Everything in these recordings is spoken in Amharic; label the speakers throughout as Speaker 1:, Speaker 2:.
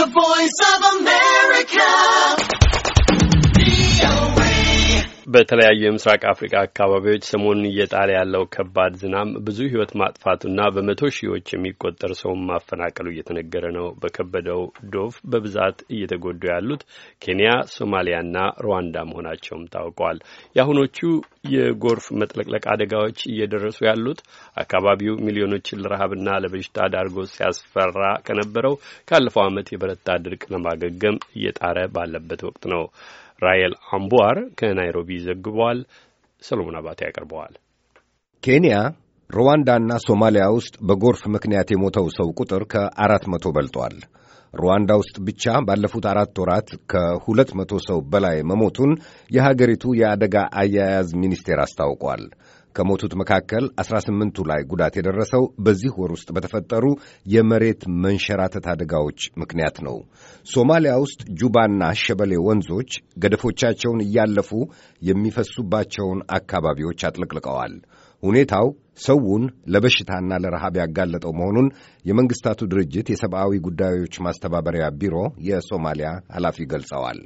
Speaker 1: The Voice of man.
Speaker 2: በተለያዩ የምስራቅ አፍሪካ አካባቢዎች ሰሞኑን እየጣለ ያለው ከባድ ዝናም ብዙ ሕይወት ማጥፋቱና በመቶ ሺዎች የሚቆጠር ሰውን ማፈናቀሉ እየተነገረ ነው። በከበደው ዶፍ በብዛት እየተጎዱ ያሉት ኬንያ፣ ሶማሊያና ሩዋንዳ መሆናቸውም ታውቋል። የአሁኖቹ የጎርፍ መጥለቅለቅ አደጋዎች እየደረሱ ያሉት አካባቢው ሚሊዮኖችን ለረሃብና ለበሽታ ዳርጎ ሲያስፈራ ከነበረው ካለፈው ዓመት የበረታ ድርቅ ለማገገም እየጣረ ባለበት ወቅት ነው። ራየል አምቧር ከናይሮቢ ዘግቧል። ሰሎሞን አባቴ ያቀርበዋል።
Speaker 1: ኬንያ፣ ሩዋንዳና ሶማሊያ ውስጥ በጎርፍ ምክንያት የሞተው ሰው ቁጥር ከአራት መቶ በልጧል። ሩዋንዳ ውስጥ ብቻ ባለፉት አራት ወራት ከሁለት መቶ ሰው በላይ መሞቱን የሀገሪቱ የአደጋ አያያዝ ሚኒስቴር አስታውቋል። ከሞቱት መካከል 18ቱ ላይ ጉዳት የደረሰው በዚህ ወር ውስጥ በተፈጠሩ የመሬት መንሸራተት አደጋዎች ምክንያት ነው። ሶማሊያ ውስጥ ጁባና ሸበሌ ወንዞች ገደፎቻቸውን እያለፉ የሚፈሱባቸውን አካባቢዎች አጥለቅልቀዋል። ሁኔታው ሰውን ለበሽታና ለረሃብ ያጋለጠው መሆኑን የመንግስታቱ ድርጅት የሰብአዊ ጉዳዮች ማስተባበሪያ ቢሮ የሶማሊያ ኃላፊ ገልጸዋል።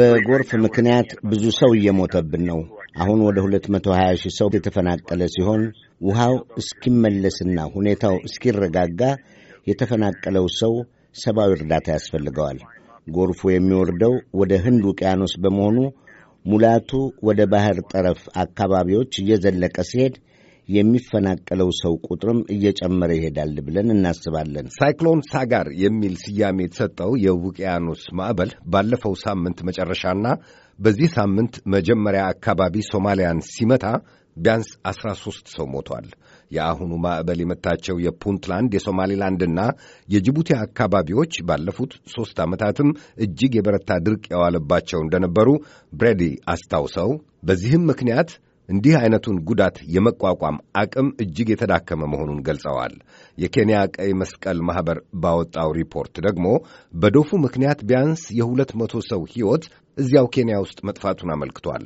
Speaker 3: በጎርፍ ምክንያት ብዙ ሰው እየሞተብን ነው። አሁን ወደ 220 ሺህ ሰው የተፈናቀለ ሲሆን ውሃው እስኪመለስና ሁኔታው እስኪረጋጋ የተፈናቀለው ሰው ሰብአዊ እርዳታ ያስፈልገዋል። ጎርፉ የሚወርደው ወደ ህንድ ውቅያኖስ በመሆኑ ሙላቱ ወደ ባህር ጠረፍ አካባቢዎች እየዘለቀ ሲሄድ የሚፈናቀለው ሰው ቁጥርም እየጨመረ ይሄዳል ብለን እናስባለን። ሳይክሎን ሳጋር የሚል ስያሜ የተሰጠው የውቅያኖስ
Speaker 1: ማዕበል ባለፈው ሳምንት መጨረሻና በዚህ ሳምንት መጀመሪያ አካባቢ ሶማሊያን ሲመታ ቢያንስ 13 ሰው ሞቷል። የአሁኑ ማዕበል የመታቸው የፑንትላንድ የሶማሌላንድና የጅቡቲ አካባቢዎች ባለፉት ሦስት ዓመታትም እጅግ የበረታ ድርቅ የዋለባቸው እንደነበሩ ብሬዲ አስታውሰው በዚህም ምክንያት እንዲህ አይነቱን ጉዳት የመቋቋም አቅም እጅግ የተዳከመ መሆኑን ገልጸዋል። የኬንያ ቀይ መስቀል ማኅበር ባወጣው ሪፖርት ደግሞ በዶፉ ምክንያት ቢያንስ የሁለት መቶ ሰው ሕይወት እዚያው ኬንያ ውስጥ መጥፋቱን አመልክቷል።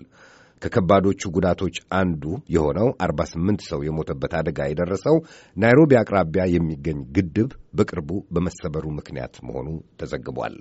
Speaker 1: ከከባዶቹ ጉዳቶች አንዱ የሆነው 48 ሰው የሞተበት አደጋ የደረሰው ናይሮቢ አቅራቢያ
Speaker 3: የሚገኝ ግድብ በቅርቡ በመሰበሩ ምክንያት መሆኑ ተዘግቧል።